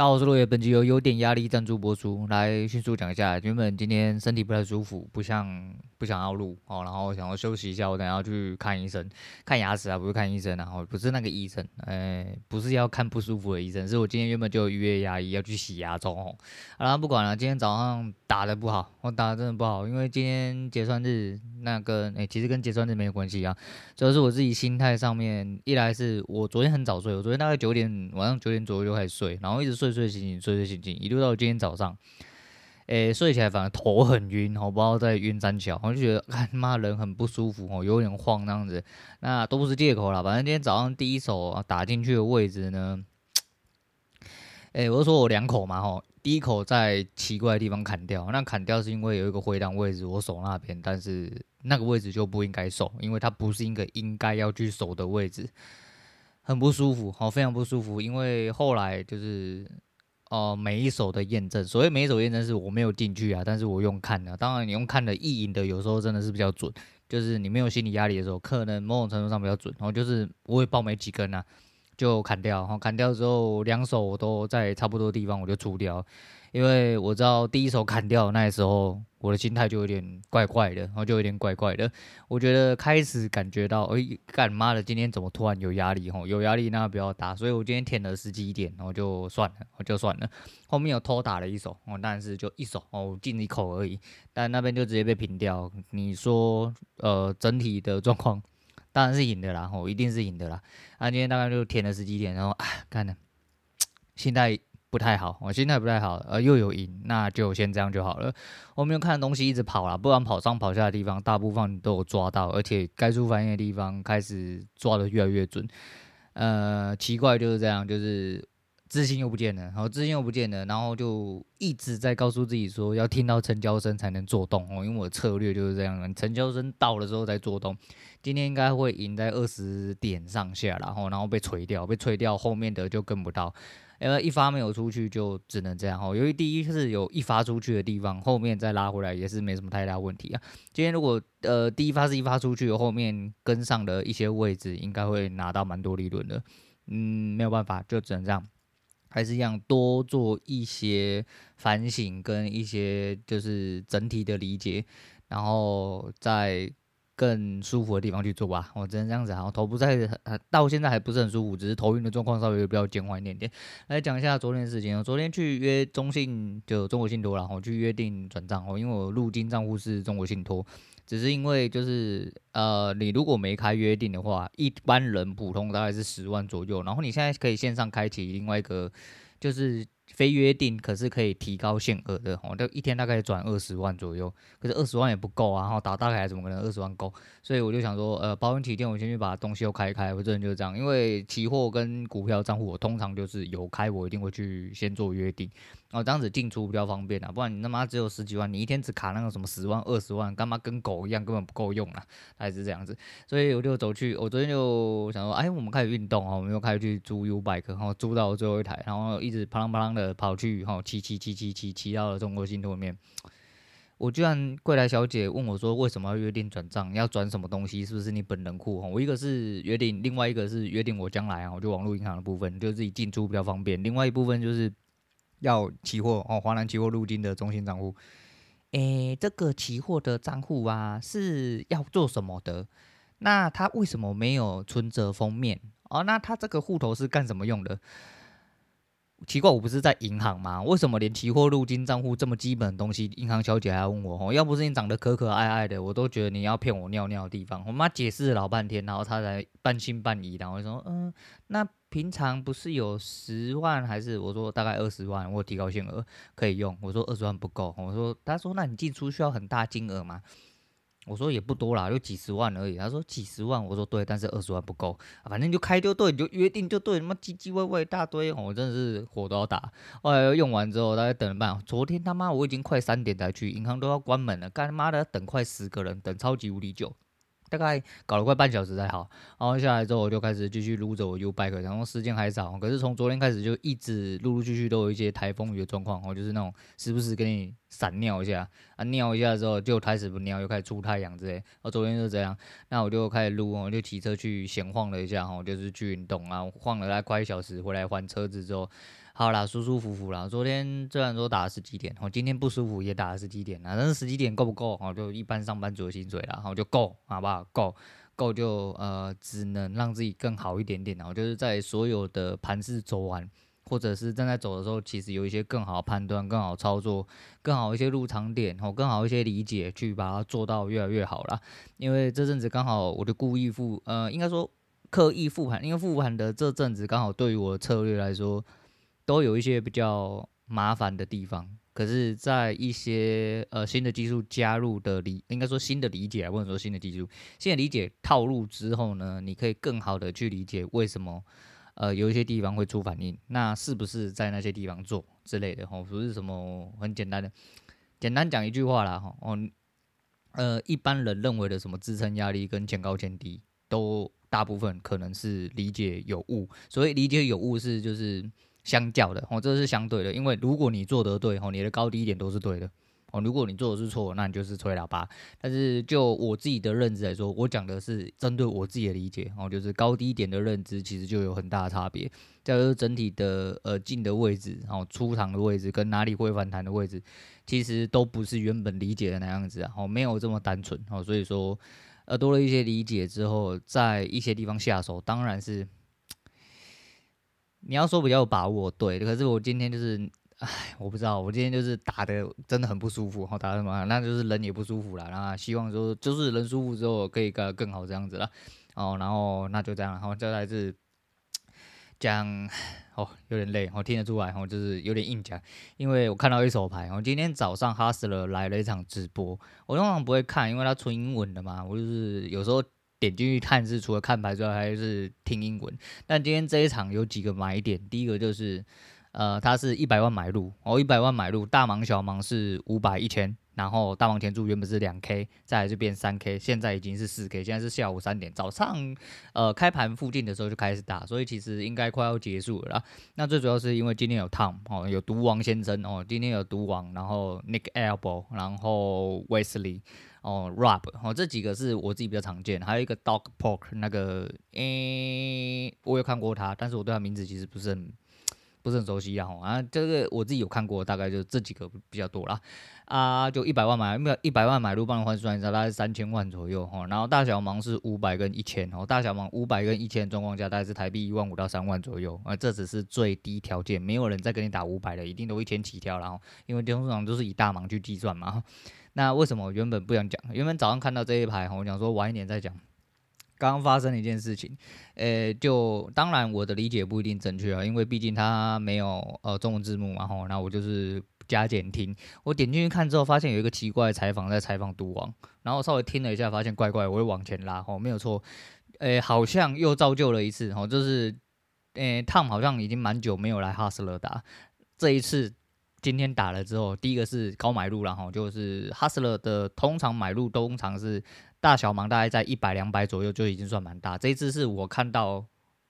大家好，我是落野，本集由有點壓力贊助播出。來，迅速講一下，原本今天身體不太舒服，不像不想要錄哦，然後想要休息一下，我等下要去看醫生，看牙齒啊，不是看醫生、啊，然後不是那個醫生，哎、欸，不是要看不舒服的醫生，是我今天原本就有預約牙醫要去洗牙蟲。好、啊、了，不管了、啊，今天早上打得不好，我打得真的不好，因為今天結算日，那個，哎、欸，其實跟結算日沒有關係啊，主、就、要是我自己心態上面，一來是我昨天很早睡，我昨天大概九點晚上九點左右就開始睡，然後一直睡。睡睡醒醒，睡睡醒醒，一路到今天早上，誒、欸，睡起來反正頭很暈，我不知道在暈三橋，我就覺得，哎媽，人很不舒服哦，有點晃那樣子，那都不是借口了，反正今天早上第一手打進去的位置呢，誒、欸，我就說我兩口嘛，吼，第一口在奇怪的地方砍掉，那砍掉是因為有一個回檔位置我守那邊，但是那個位置就不應該守，因為它不是一個應該要去守的位置。很不舒服，好，非常不舒服，因為後來就是，哦、呃，每一手的驗證，所謂每一手驗證，是我沒有進去啊，但是我用看的、啊，當然你用看的意淫的，有時候真的是比較準，就是你沒有心理壓力的時候，可能某種程度上比較準，然後就是不會爆沒幾根啊。就砍掉，砍掉之後，兩手我都在差不多地方，我就出掉。因為我知道第一手砍掉的那的時候，我的心態就有點怪怪的，然後就有點怪怪的。我覺得開始感覺到，哎、欸，幹媽的，今天怎麼突然有壓力？吼，有壓力那不要打。所以我今天舔了十幾點，然後就算了，我就算了。後面又偷打了一手，哦，但是就一手哦進一口而已，但那邊就直接被平掉。你說，呃，整體的狀況？當然是贏的啦，吼、哦，一定是贏的啦。啊，今天大概就填了十幾點，然後啊，看的，心態不太好，我心態不太好，呃，又有贏，那就先這樣就好了。我沒有看東西，一直跑啦，不然跑上跑下的地方，大部分都有抓到，而且該出反應的地方，開始抓的越來越準。呃，奇怪就是這樣，就是。自信又不見了，然後自信又不見了，然後就一直在告訴自己說要聽到成交聲才能做動哦，因為我的策略就是這樣，成交聲到了之後再做動。今天應該會贏在二十點上下，然後然後被錘掉，被錘掉後面的就跟不到，因為一發沒有出去就只能這樣哦。由於第一是有一發出去的地方，後面再拉回來也是沒什麼太大問題啊。今天如果呃第一發是一發出去，後面跟上的一些位置應該會拿到蠻多利潤的。嗯，沒有辦法，就只能這樣。還是一樣，多做一些反省跟一些就是整體的理解，然後再。更舒服的地方去做吧。我只能這樣子，啊。然後頭不在，到現在還不是很舒服，只是頭暈的狀況稍微比較減緩一點點。來講一下昨天的事情。昨天去約中信，就中國信託，然後去約定轉賬哦，因為我入金賬戶是中國信託。只是因為就是呃，你如果沒開約定的話，一般人普通大概是十萬左右。然後你現在可以線上開啟另外一個，就是。非約定可是可以提高限額的，我就一天大概轉二十萬左右，可是二十萬也不夠啊，然後打大牌怎麼可能二十萬夠？所以我就想說，呃，保險起見，我先去把東西又開開。我這人就是這樣，因為期貨跟股票賬戶，我通常就是有開，我一定會去先做約定，然後這樣子進出比較方便啊。不然你他媽只有十幾萬，你一天只卡那個什麼十萬、二十萬，幹嘛跟狗一樣，根本不夠用啊，還是這樣子。所以我就走去，我昨天就想說，哎，我們開始運動啊，我們又開始去租 Ubike，然後租到最後一台，然後一直啪啦啪啦的。呃，跑去齁，騎騎騎騎騎騎到了中國信托裡面，我居然櫃檯小姐問我說，為什麼要約定轉賬？要轉什麼東西？是不是你本人戶？我一個是約定，另外一個是約定我將來啊，我就網絡銀行的部分，就自己進出比較方便。另外一部分就是要期貨哦，華南期貨入金的中心賬戶。哎、欸，這個期貨的賬戶啊是要做什麼的？那它為什麼沒有存折封面？哦，那它這個戶頭是幹什麼用的？奇怪，我不是在銀行嗎？為什麼連期貨入金賬戶這麼基本的東西，銀行小姐還要問我？吼，要不是你長得可可愛愛的，我都覺得你要騙我尿尿的地方。我媽解釋了老半天，然後她才半信半疑，然後我就說，嗯，那平常不是有十萬還是？我說大概二十萬，我提高限額可以用。我說二十萬不夠。我說，她說那你進出需要很大金額嗎？我說也不多啦，就幾十萬而已。他說，幾十萬，我說對，但是二十萬不夠，啊、反正就開就對，你就約定就對，什麼唧唧歪歪一大堆，我、哦、真的是火都要打。哎、哦，用完之後大家等着辦。昨天他媽我已經快三點才去銀行，都要關門了，幹他媽的等快十個人，等超級無敵久。大概搞了快半小時才好，然後下來之後我就開始繼續擼着我 U bike，然後時間還早，可是從昨天開始就一直陸陸續續都有一些台風雨的狀況，然後就是那種時不時給你閃尿一下啊，尿一下之後就開始不尿又開始出太陽之類，然後昨天就這樣，那我就開始擼，我就騎車去閒晃了一下哈，就是去運動啊，然後晃了大概快一小時，回來還車子之後。好啦，舒舒服服啦。昨天雖然說打了十幾點，我今天不舒服也打了十幾點，但是十幾點夠不夠？哦，就一般上班族的薪水啦。然就夠，好不好？夠夠就呃，只能讓自己更好一點點。我就是在所有的盤勢走完，或者是正在走的時候，其實有一些更好的判斷、更好操作、更好一些入場點，然後更好一些理解，去把它做到越來越好啦。因為這陣子剛好我就故意復，呃，應該說刻意復盤，因為復盤的這陣子剛好對於我的策略來說。都有一些比較麻煩的地方，可是，在一些呃新的技術加入的理，應該說新的理解啊，或者說新的技術，新的理解套路之後呢，你可以更好的去理解為什麼呃有一些地方會出反應，那是不是在那些地方做之類的哈、哦，不是什麼很簡單的，簡單講一句話啦哈，嗯、哦，呃，一般人認為的什麼支撐壓力跟前高前低，都大部分可能是理解有誤，所以理解有誤是就是。相較的，哦，這是相對的，因為如果你做的對，吼，你的高低點都是對的，哦，如果你做的是錯，那你就是吹喇叭。但是就我自己的認知來說，我講的是針對我自己的理解，哦，就是高低點的認知其實就有很大的差別。假如整體的呃進的位置，然後出場的位置跟哪裡會反彈的位置，其實都不是原本理解的那樣子啊，哦，沒有這麼單純，哦，所以說呃多了一些理解之後，在一些地方下手，當然是。你要說比較有把握，對。可是我今天就是，唉，我不知道，我今天就是打的真的很不舒服，然後打什麼，那就是人也不舒服了。然後希望說就是人舒服之後可以更更好這樣子了。哦、喔，然後那就這樣，然後接下來是講，哦、喔，有點累，我、喔、聽得出來，我、喔、就是有點硬講，因為我看到一手牌，我、喔、今天早上 Hustler 來了一場直播，我通常不會看，因為他純英文的嘛，我就是有時候。點進去看是除了看牌之外，還是聽英文。但今天這一場有幾個買點，第一個就是，呃，它是一百萬買入，哦，一百萬買入大盲小盲是五百一千。然後大王前注原本是兩 K，再來就變三 K，現在已經是四 K。現在是下午三點，早上呃開盤附近的時候就開始打，所以其實應該快要結束了啦。那最主要是因為今天有 Tom 哦，有毒王先生哦，今天有毒王，然後 Nik Airball 然後 Wesley 哦，Rob 哦，這幾個是我自己比較常見，還有一個 Dog Park 那個，誒、欸，我有看過他，但是我對他名字其實不是很。不是很熟悉啊，吼啊，這個我自己有看過，大概就這幾個比較多了，啊，就一百萬買，沒有一百萬買入幫你換算一下大概三千萬左右，吼，然後大小盲是五百跟一千，哦，大小盲五百跟一千的狀況下，大概是台幣一萬五到三萬左右，啊，這只是最低條件，沒有人再給你打五百的，一定都一千起跳啦，然後因為通常都是以大盲去計算嘛，那為什麼我原本不想講，原本早上看到這一排，我想說晚一點再講。剛剛發生一件事情，呃、欸，就當然我的理解不一定正確啊，因為畢竟它沒有呃中文字幕嘛吼，那我就是加減聽。我點進去看之後，發現有一個奇怪的採訪在採訪賭王，然後稍微聽了一下，發現怪怪，我又往前拉吼，沒有錯，呃、欸，好像又造就了一次吼，就是呃、欸、Tom 好像已經蠻久沒有來哈斯勒打，這一次今天打了之後，第一個是高買入然後吼，就是哈斯勒的通常買入都通常是。大小盲大概在一百兩百左右就已經算蠻大，這只是我看到，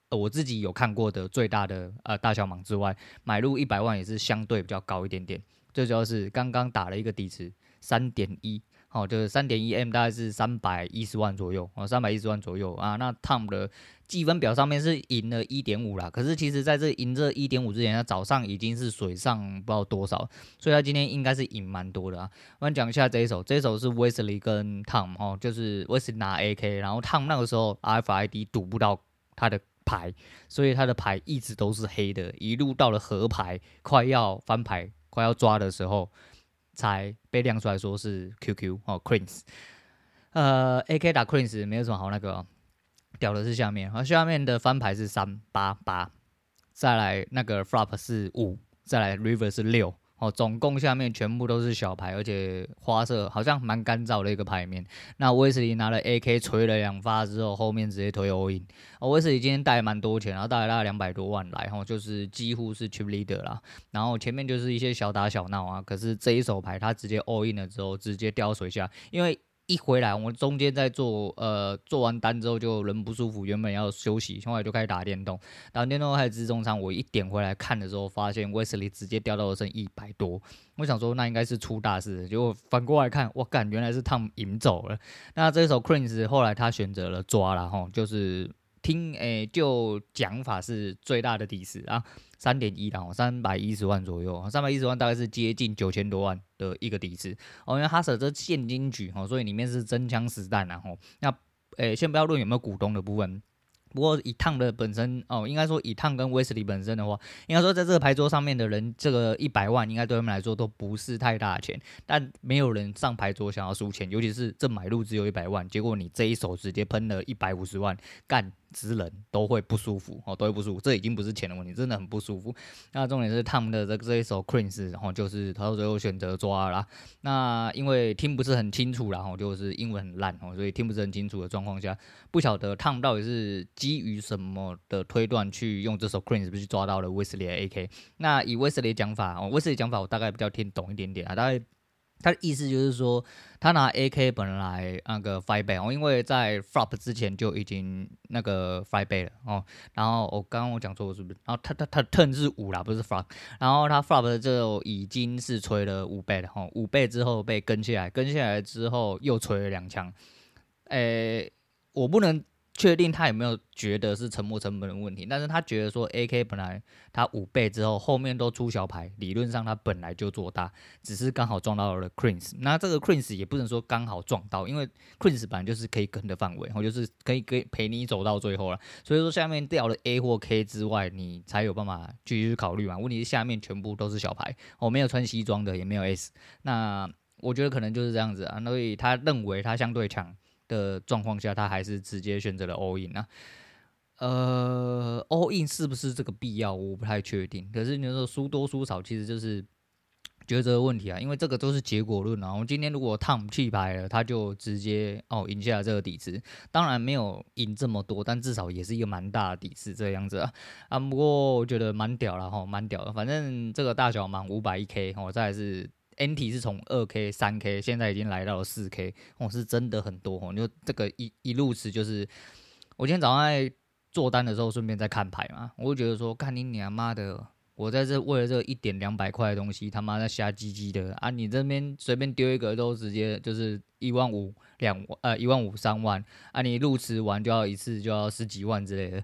呃，我自己有看過的最大的呃大小盲之外，買入一百萬也是相對比較高一點點，最主要是剛剛打了一個底池三點一。哦，就是三點一 M，大概是三百一十萬左右，哦，三百一十萬左右啊。那 Tom 的積分表上面是贏了一點五啦，可是其實在這贏這一點五之前，他早上已經是水上不知道多少，所以他今天應該是贏蠻多的啊。我們講一下這一手，這一手是 Wesley 跟 Tom 哦，就是 Wesley 拿 AK，然後 Tom 那個時候 RFID 賭不到他的牌，所以他的牌一直都是黑的，一路到了河牌快要翻牌快要抓的時候。才被亮出來說是 QQ 哦，Queens，呃，AK 打 Queens 沒有什麼好那個、哦、屌的是下面。好，下面的翻牌是三八八，再來那個 Flop 是五，再來 River 是六。哦，總共下面全部都是小牌，而且花色好像蠻乾燥的一個牌面。那威斯利拿了 A K，吹了兩發之後，後面直接推 all in。哦，威斯利今天帶蠻多錢，然後帶了大概兩百多萬來，哦，就是幾乎是 chip leader 啦。然後前面就是一些小打小鬧啊，可是這一手牌他直接 all in 了之後，直接掉水下，因為。一回來，我們中間在做，呃，做完單之後就人不舒服，原本要休息，後來就開始打電動，打完電動還有自助餐。我一點回來看的時候，發現 Wesley 直接掉到了剩一百多，我想說那應該是出大事了。結果反過來看，我幹，原來是他們贏走了。那這首 Queen 是後來他選擇了抓了哈，就是。聽誒、欸，就講法是最大的底池啊，三點一檔，三百一十萬左右，三百一十萬大概是接近九千多萬的一個底池。哦，因為 Hustler 這現金局哦，所以裡面是真槍實彈啊。哦，那誒、欸，先不要論有沒有股東的部分，不過以、e、Tom 的本身哦，應該說以、e、Tom 跟 Wesley 本身的話，應該說在這個牌桌上面的人，這個一百萬應該對他們來說都不是太大的錢。但沒有人上牌桌想要輸錢，尤其是這買入只有一百萬，結果你這一手直接噴了一百五十萬，幹。之人都會不舒服哦，都會不舒服。這已經不是錢的問題，真的很不舒服。那重點是 Tom 的這這一手 Chris,、哦《Queens》然後就是他最後選擇抓啦。那因為聽不是很清楚，然、哦、後就是英文很爛哦，所以聽不是很清楚的狀況下，不曉得 Tom 到底是基於什麼的推斷去用這手《Queens》是不是抓到了威斯利的 A K。那以威斯利講法，威斯利講法我大概比較聽懂一點點啊，大概。他的意思就是說，他拿 A K 本來那個五倍哦，因為在 Flop 之前就已經那個五倍了哦。然後我、哦、剛剛我講錯是不是？然後他他他 Turn 是五啦，不是 Flop。然後他 Flop 就已經是吹了五倍了哦，五倍之後被跟下來，跟下來之後又吹了兩槍。誒，我不能，確定他有沒有覺得是沉沒成本的問題，但是他覺得說 AK 本來他五倍之後後面都出小牌，理論上他本來就做大，只是剛好撞到了 Queen。那這個 Queen 也不能說剛好撞到，因為 Queen 本來就是可以跟的範圍，然後就是可以可以陪你走到最後了。所以說下面掉了 A 或 K 之外，你才有辦法繼續去考慮嘛。問題是下面全部都是小牌，我、喔、沒有穿西裝的，也沒有 S。那我覺得可能就是這樣子啊，所以他認為他相對強。的狀況下，他還是直接選擇了 all in 啊。呃，all in 是不是這個必要，我不太確定。可是你說輸多輸少，其實就是抉擇的問題啊。因為這個都是結果論啊。我們今天如果 Tom 棄牌了，他就直接哦贏下了這個底池。當然沒有贏這麼多，但至少也是一個蠻大的底池這樣子啊。啊，不過我覺得蠻屌了哈，蠻、哦、屌了。反正這個大小滿五百一 k，我、哦、再來是。NT 是從二 K、三 K，現在已經來到了四 K，吼、哦、是真的很多、哦、你說這個一一入池就是，我今天早上在做單的時候順便在看牌嘛，我就覺得說，看你娘媽的，我在這為了這一點兩百塊的東西，他媽在瞎唧唧的啊！你這邊隨便丟一個都直接就是一萬五、呃、兩萬呃一萬五、三萬啊！你入池完就要一次就要十幾萬之類的。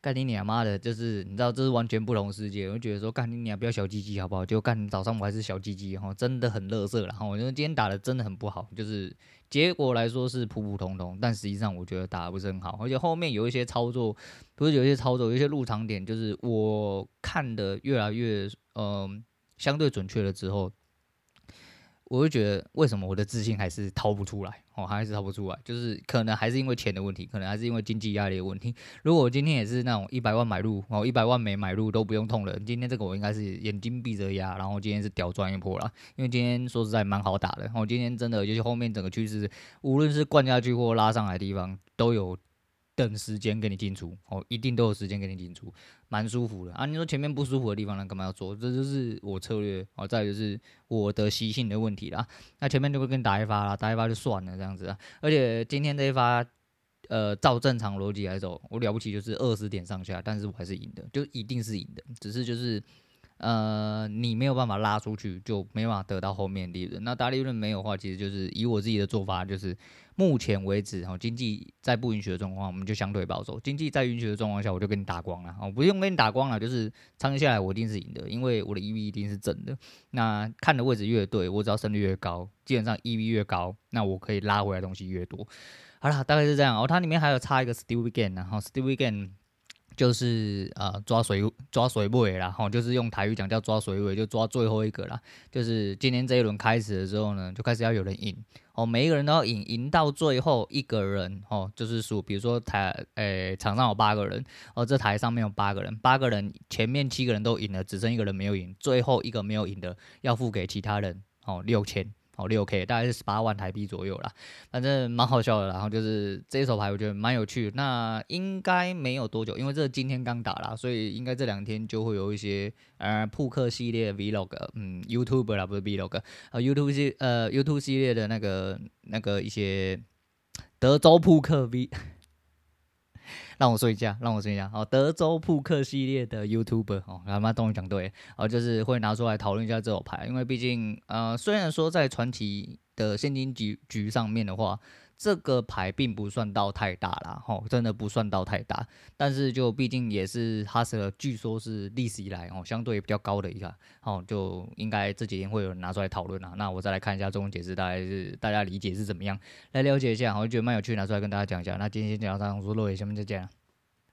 幹你娘媽的！就是你知道，這是完全不同世界。我就覺得說，幹你娘，不要小雞雞好不好？就幹你早上我還是小雞雞哈，真的很樂色了，我覺得今天打的真的很不好，就是結果來說是普普通通，但實際上我覺得打的不是很好，而且後面有一些操作，不是有一些操作，有一些入場點，就是我看的越來越嗯、呃、相對準確了之後。我就覺得，為什麼我的自信還是掏不出來？哦，還是掏不出來，就是可能還是因為錢的問題，可能還是因為經濟壓力的問題。如果我今天也是那種一百萬買入，哦，一百萬沒買入都不用痛了。今天這個我應該是眼睛閉着壓，然後今天是屌賺一波了，因為今天說實在蠻好打的。然後，哦，今天真的，就是後面整個趨勢，無論是灌下去或拉上來的地方都有。等時間給你進出哦，一定都有時間給你進出，蠻舒服的啊。你說前面不舒服的地方呢，幹嘛要做？這就是我策略哦。再就是我的習性的問題啦。那前面就會跟你打一發啦，打一發就算了這樣子啊。而且今天這一發，呃，照正常邏輯來走，我了不起就是二十點上下，但是我還是贏的，就一定是贏的，只是就是。呃，你沒有辦法拉出去，就沒辦法得到後面利潤。那大利潤沒有的話，其實就是以我自己的做法，就是目前為止，然、喔、經濟在不允許的狀況，我們就相對保守；經濟在允許的狀況下，我就給你打光了。哦、喔，不用給你打光了，就是長期下來我一定是贏的，因為我的 E V 一定是正的。那看的位置越對，我只要勝率越高，基本上 E V 越高，那我可以拉回來的東西越多。好啦，大概是這樣。哦、喔，它裡面還有插一個 Still Begin 然、啊、後 Still Begin。就是呃抓水抓水尾啦，吼、哦，就是用台語講叫抓水尾，就抓最後一個啦。就是今天這一輪開始的時候呢，就開始要有人贏哦，每一個人都要贏，贏到最後一個人哦，就是數，比如說台誒、欸，場上有八個人哦，這台上面有八個人，八個人前面七個人都贏了，只剩一個人沒有贏，最後一個沒有贏的要付給其他人哦，六千。哦，六 K 大概是十八萬台幣左右啦，反正蠻好笑的。然後就是這一手牌，我覺得蠻有趣的。那應該沒有多久，因為這今天剛打啦，所以應該這兩天就會有一些呃撲克系列 Vlog，嗯，YouTube 啦不是 Vlog，呃 YouTube 系呃 YouTube 系列的那個那個一些德州撲克 V。讓我說一下，讓我說一下，好、哦，德州撲克系列的 YouTuber，哦，他媽終於講對了，後、哦、就是會拿出來討論一下這手牌，因為畢竟，呃，雖然說在傳奇的現金局局上面的話。這個牌並不算到太大啦，吼，真的不算到太大，但是就畢竟也是 Hustler 據說是歷史以來哦相對比較高的一個哦，就應該這幾天會有人拿出來討論啊。那我再來看一下中文解釋，大概是大家理解是怎麼樣，來了解一下，我覺得蠻有趣，拿出來跟大家講一下。那今天先講到這，我說嘍，到下面再見。